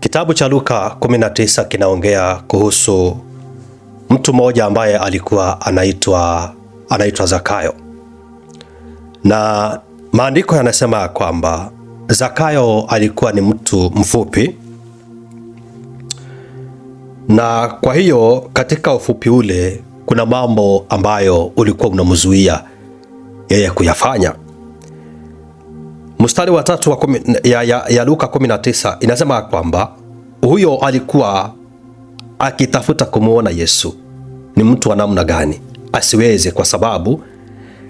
Kitabu cha Luka 19 kinaongea kuhusu mtu mmoja ambaye alikuwa anaitwa anaitwa Zakayo, na maandiko yanasema kwamba Zakayo alikuwa ni mtu mfupi, na kwa hiyo katika ufupi ule kuna mambo ambayo ulikuwa unamzuia yeye kuyafanya mstari wa tatu wa kumi, ya, ya, ya Luka 19 inasema kwamba huyo alikuwa akitafuta kumwona Yesu ni mtu wa namna gani, asiweze kwa sababu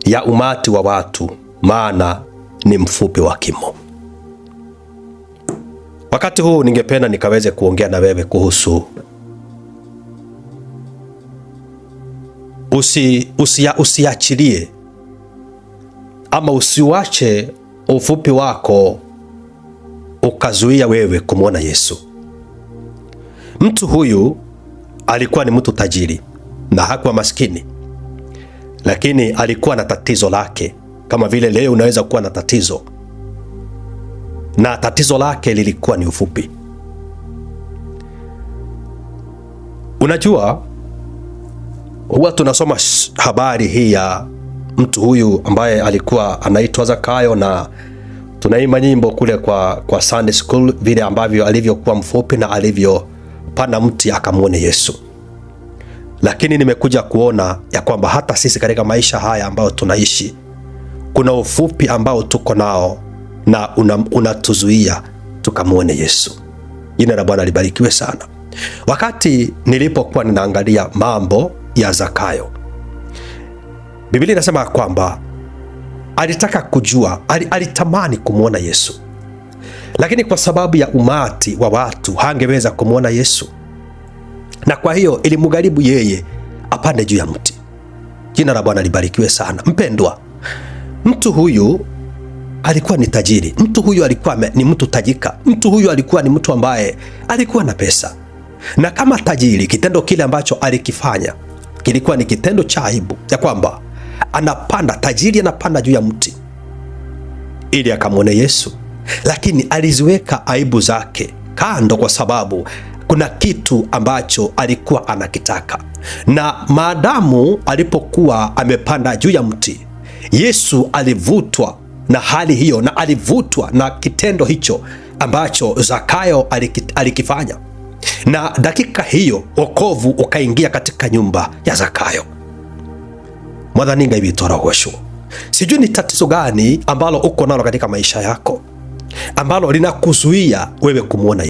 ya umati wa watu, maana ni mfupi wa kimo. Wakati huu ningependa nikaweze kuongea na wewe kuhusu usiachilie usia usi ama usiwache ufupi wako ukazuia wewe kumwona Yesu. Mtu huyu alikuwa ni mtu tajiri na hakuwa maskini, lakini alikuwa na tatizo lake, kama vile leo unaweza kuwa na tatizo, na tatizo lake lilikuwa ni ufupi. Unajua, huwa tunasoma habari hii ya mtu huyu ambaye alikuwa anaitwa Zakayo na tunaimba nyimbo kule kwa, kwa Sunday school vile ambavyo alivyokuwa mfupi na alivyopanda mti akamwone Yesu. Lakini nimekuja kuona ya kwamba hata sisi katika maisha haya ambayo tunaishi kuna ufupi ambao tuko nao na unatuzuia una tukamwone Yesu. Jina la Bwana libarikiwe sana. Wakati nilipokuwa ninaangalia mambo ya Zakayo Biblia inasema kwamba alitaka kujua, alitamani kumwona Yesu, lakini kwa sababu ya umati wa watu hangeweza kumwona Yesu, na kwa hiyo ilimgharibu yeye apande juu ya mti. Jina la Bwana libarikiwe sana. Mpendwa, mtu huyu alikuwa ni tajiri, mtu huyu alikuwa ni mtu tajika, mtu huyu alikuwa ni mtu ambaye alikuwa na pesa, na kama tajiri, kitendo kile ambacho alikifanya kilikuwa ni kitendo cha aibu ya kwamba anapanda, tajiri anapanda juu ya mti ili akamwone Yesu, lakini aliziweka aibu zake kando, kwa sababu kuna kitu ambacho alikuwa anakitaka. Na maadamu alipokuwa amepanda juu ya mti, Yesu alivutwa na hali hiyo, na alivutwa na kitendo hicho ambacho Zakayo alikifanya, na dakika hiyo wokovu ukaingia katika nyumba ya Zakayo. Mwadhani ngaibitwara uwashu. Sijui ni tatizo gani ambalo uko nalo katika maisha yako ambalo linakuzuia wewe kumwona